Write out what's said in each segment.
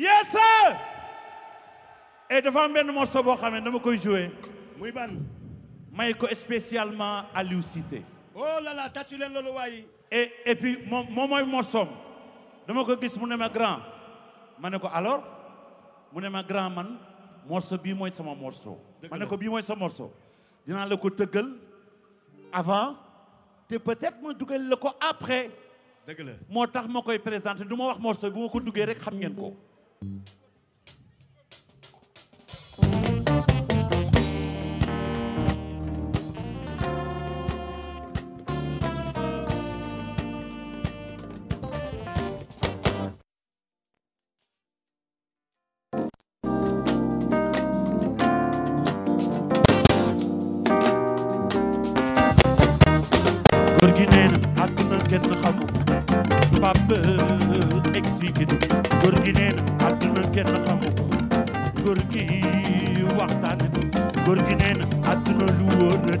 yes sir et eh, devant am morceau bo xam dama koy jouer. muy ban. may ko spécialement Aliou Cissé. oh là là tàccu leen loolu et et puis mon moom morceau dama ko gis mu ne ma grand Mané ko alors mu ne ma grand man morceau bi moy sama morceau. Mané ko bi moy sa morceau. Dina la ko tëggal avant te peut-être ma dugal le ko après. dëgg la moo tax koy présenté du wax morceau bi bu ma ko duggee rek xam ngeen ko. Mm-hmm.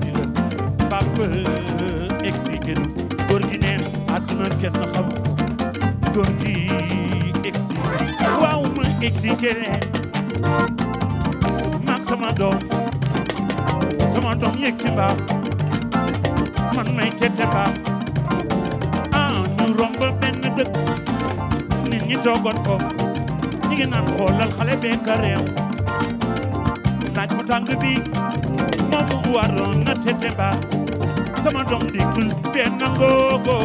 laaj la papa expliqué nu góor gi neen àdduna kenn xamu ko góor gi expliqué waaw ma expliqué leen man sama doom sama doom yëkki mbaa man may tete mbaa ah ñu romb benn dëkk nit ñi toogoon foofu ñi ngi naan xoolal xale bee kareem naaj mu tàng bii doomu waroon na te demba sama doom dikkul benn ngoogo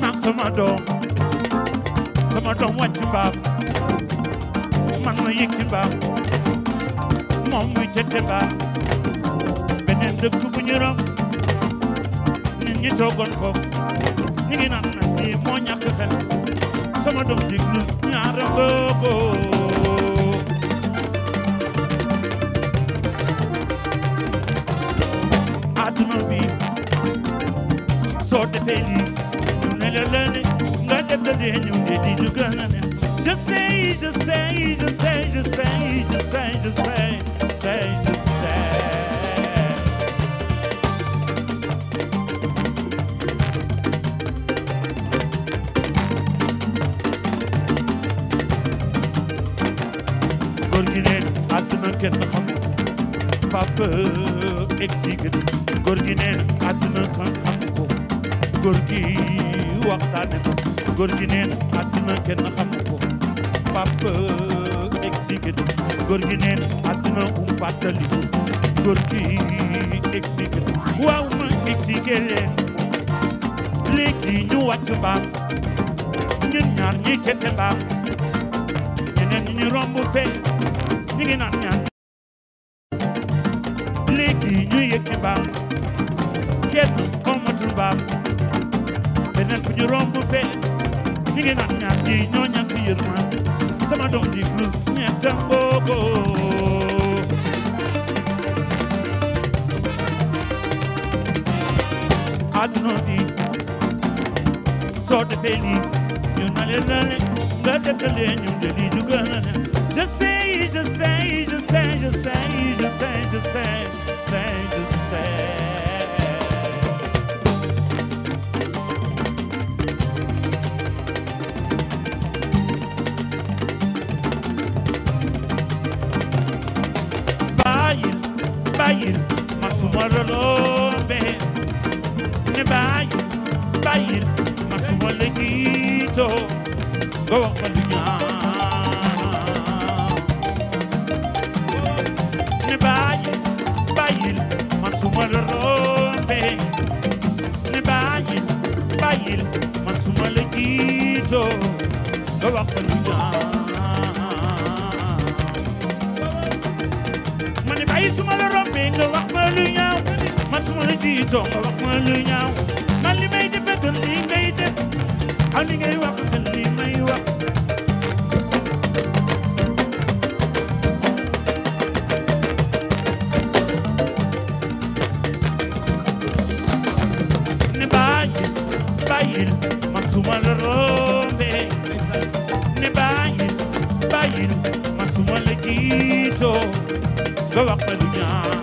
man sama doom sama doom wàcc mbaam man ma yëkki mbaam moom muy te beneen dëkk bu ñu rom nit ñi toogoon foofu ñu ngi naan nag bii moo ñàkk xel sama doom ji ñaara nga ko àdduna bi soo defee lii ñu ne la la ne nga def sa dee ñu ne di ñu gën ne je sais je sais je sais je sais je sais je sais je sais kenn xam papa exige góor gi nee na àdduna kenn ko góor waxtaane ko góor gi kenn xam ko papa exige góor gi nee um fàttali ko góor gi waaw ma exige leen léegi ñu wàcc baam ñun ñaar ñi cete baam ñeneen ñi romb fee ñu ngi naan adunodi sorte feli yunalelale gata felen yundeli dugalana je sei je sei je sei je sei je sei je sei sei je sei Bayil, bayil, man fumarlo ne bàyyil bàyyil ma su ma la jiitoo nga wax ma lu ñaaw ne bàyyil bàyyil nga wax di toog nga wax ma lu ñaaw man li may def gën li ngay def ak li ngay wax may wax ne bàyyil bàyyil ma la rombee ne bàyyil bàyyil man ma la jiitoo nga wax ma lu ñaaw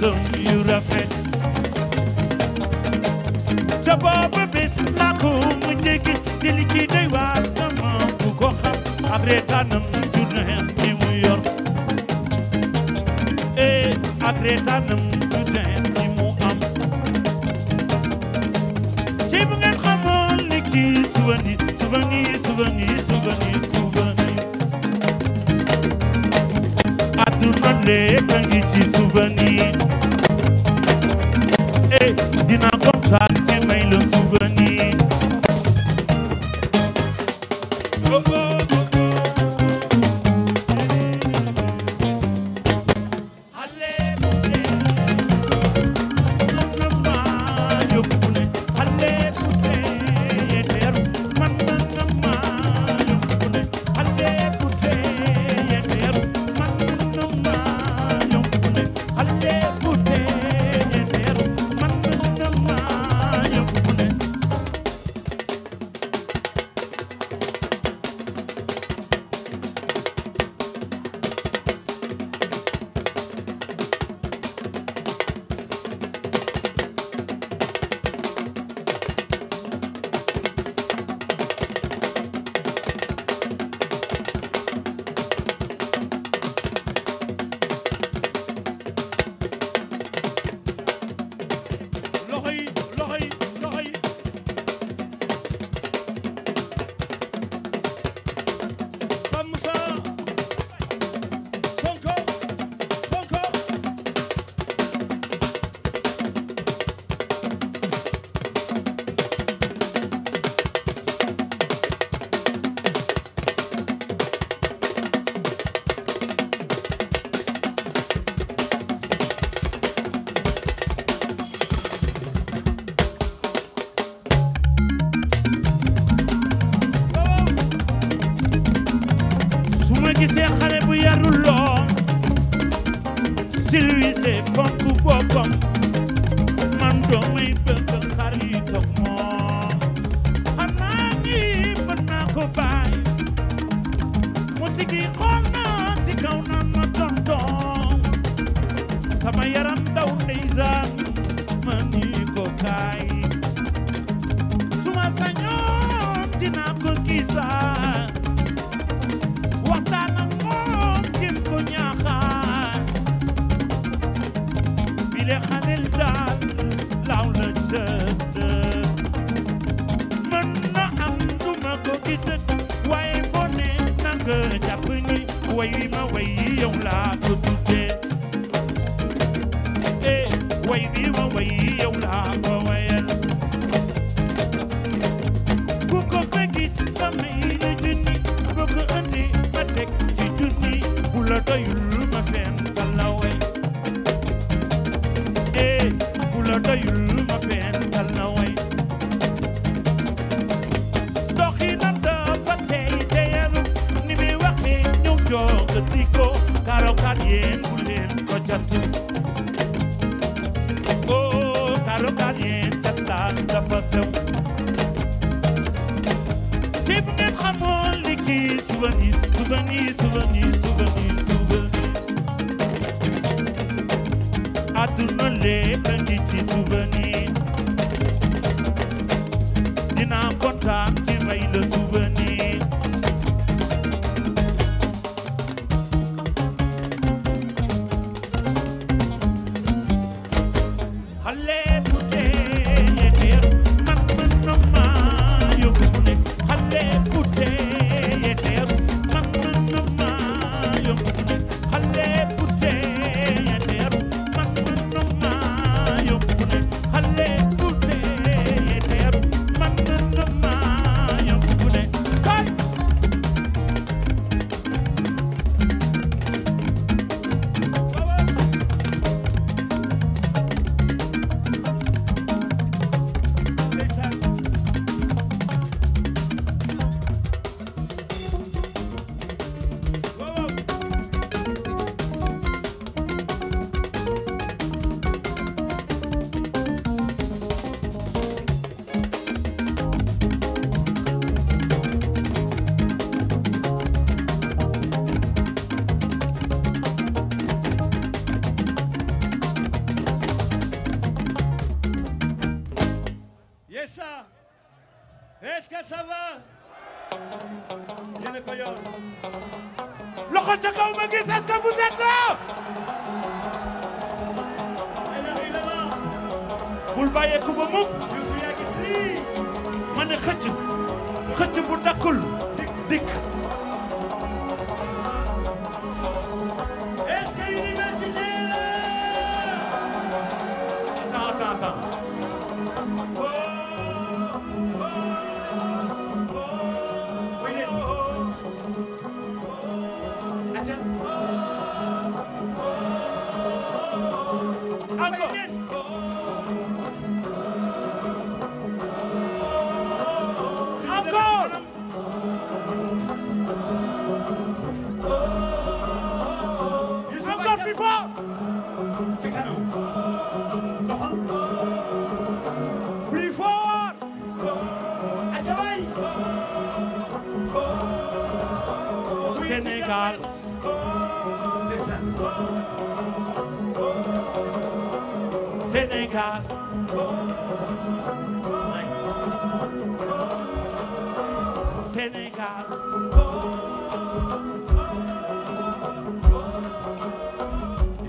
doon yu rafet sa boobu bés naa ko mu jéggi di li ci doy waar sama bu ko xam ak reetaanam jur na hem bi mu yor ee eh, ak reetaanam jur na hem bi mu am ci bu ngeen xamoon ni kii suba ni suba ni suba ni suba ni suba ni adduna lépp a ngi ci suba ni dina ko Cissé xale bu yarul lool Sylvie Cissé fonk boppam man doomay bëgg xaritam moom xam naa ni mën naa ko bàyyi musique yi xool naa ci kaw naan ma tonton sama yaram daw ndeysaan ma ni ko kaay suma sañoon dinaa ko gisaa way wi ma way yow laa tudd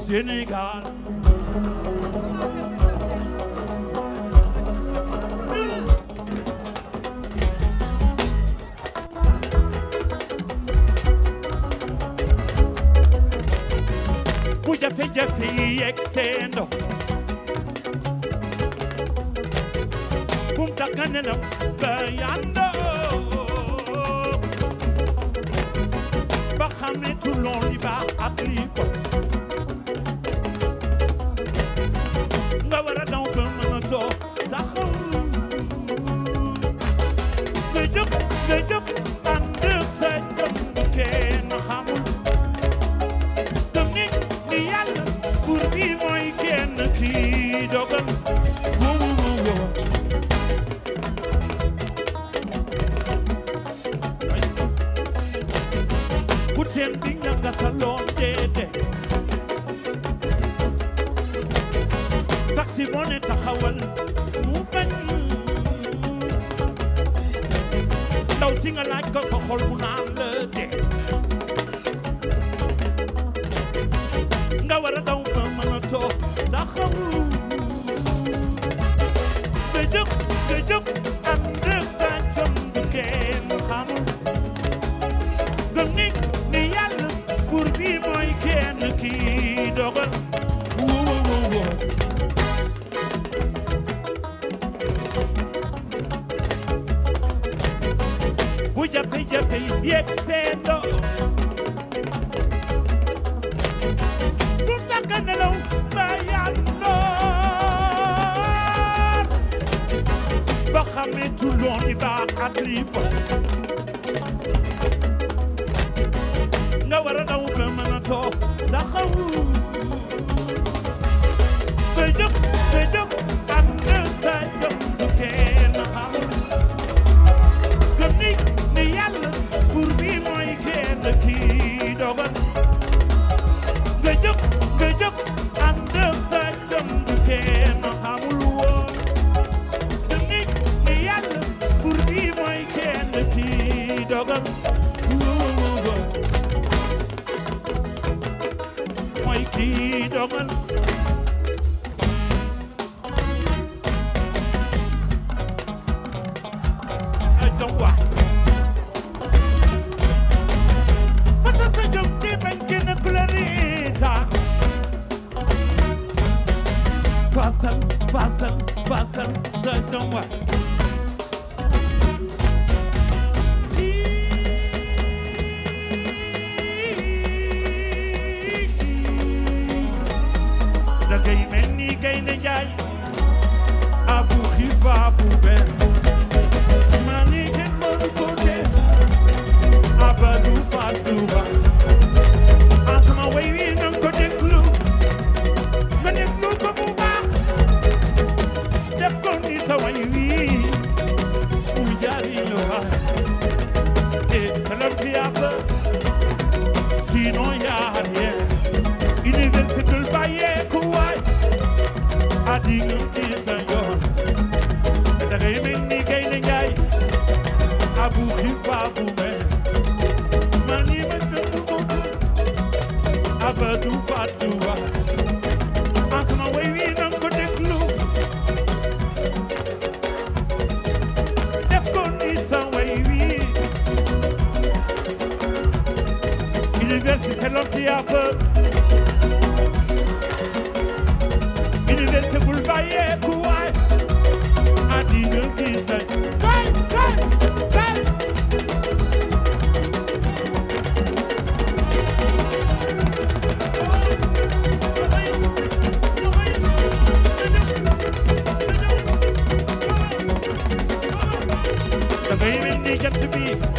Sénégal bu jafe-jafe yi yegg seen do bum ba yàndoo ba xam ne tuloon li ba ak li nga war a daw ba mën a toog mejor una exendo Puta canelão, vai nor Bacame tulon e da atlipa Ngawara da ubemanato da khawur University c'est l'homme qui a peur. University Boulevard, Kouai, qui Get to be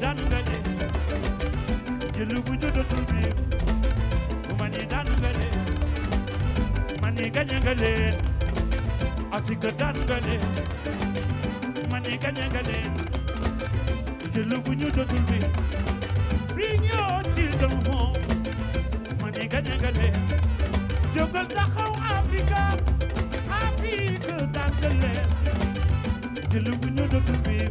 daan nga de jël bu jodotul biir bu ma ni daan nga de ma ni gañ nga leen Afrique daan nga de ma ni gañ nga leen jël bu jodotul biir bring your children home ma ni gañ nga leen jógal taxaw Afrique Afrique biir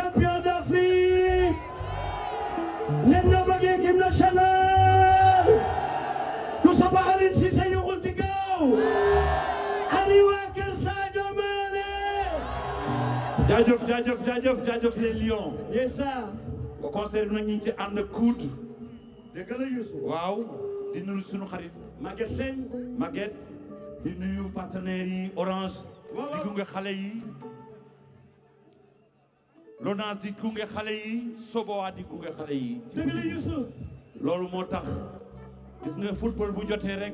jaajëf jaajëf jaajëf les lions. yes ci ànd kuut. waaw di nuyu suñu xarit. Maguette Sène. Maguette di nuyu partenaires yi Orange. di gunge xale yi. Lonase di gunge xale yi Soboa di gunge xale yi. loolu moo tax gis nga football bu jotee rek.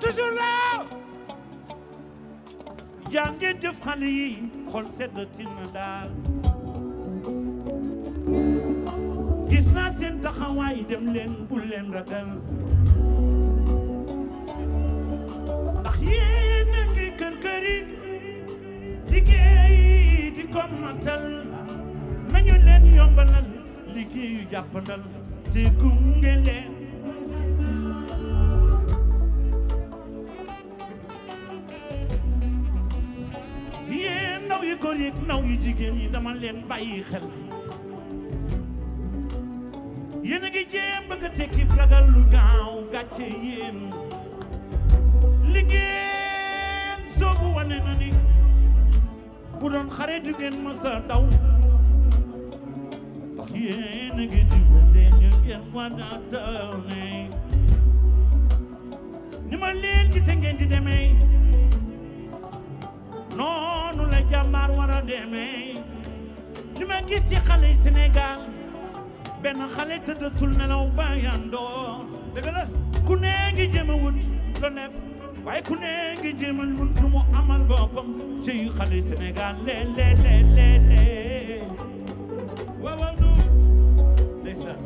toujours là yaa ngeen jëf xale yi xol sedd tin na daal gis naa seen taxawaay dem leen bul leen ragal ndax yéen a ngi kër kër yi di ko nañu leen yombalal liggéeyu jàppandal te gunge leen yu jigéen yi dama leen bàyyi xel yéen a ngi jéem bëgg a tekki lu gaaw gàcce yéen li ngeen soobu bu doon xare du ngeen daw ndax yéen a ngi dimbale ñu ngeen mën a taw ne ni ma leen gisee ngeen di demee non noonu la jàmbaar war a demee li ma gis ci xale yi Sénégal benn xale tëddatul nelaw bàyyandoo dëgg ku ne ngi jëm a wut lu nekk waaye ku ne ngi jëm a wut lu amal boppam ci xale yi Sénégal lee lee lee lee lee waaw waaw du ndeysaan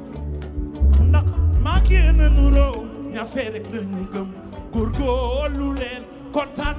ndax maa ngi yéen a nuroo ñafe rek la ñu gëm góorgóorlu leen kontaan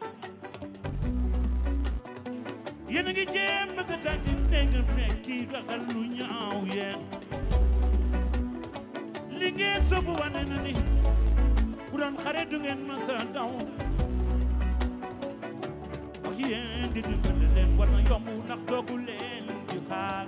yéen a jéem bëgg daal di dégg mais kii doxal ñaaw yéen li ngeen soobu wane na ni bu doon xare du ngeen mës a daw wax yéen di dimbali leen war na yomb ndax leen di xaar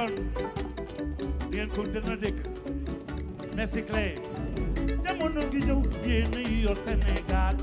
Jackson ngeen ko dana dégg merci Clay jamono gi ñëw yéen a yor Sénégal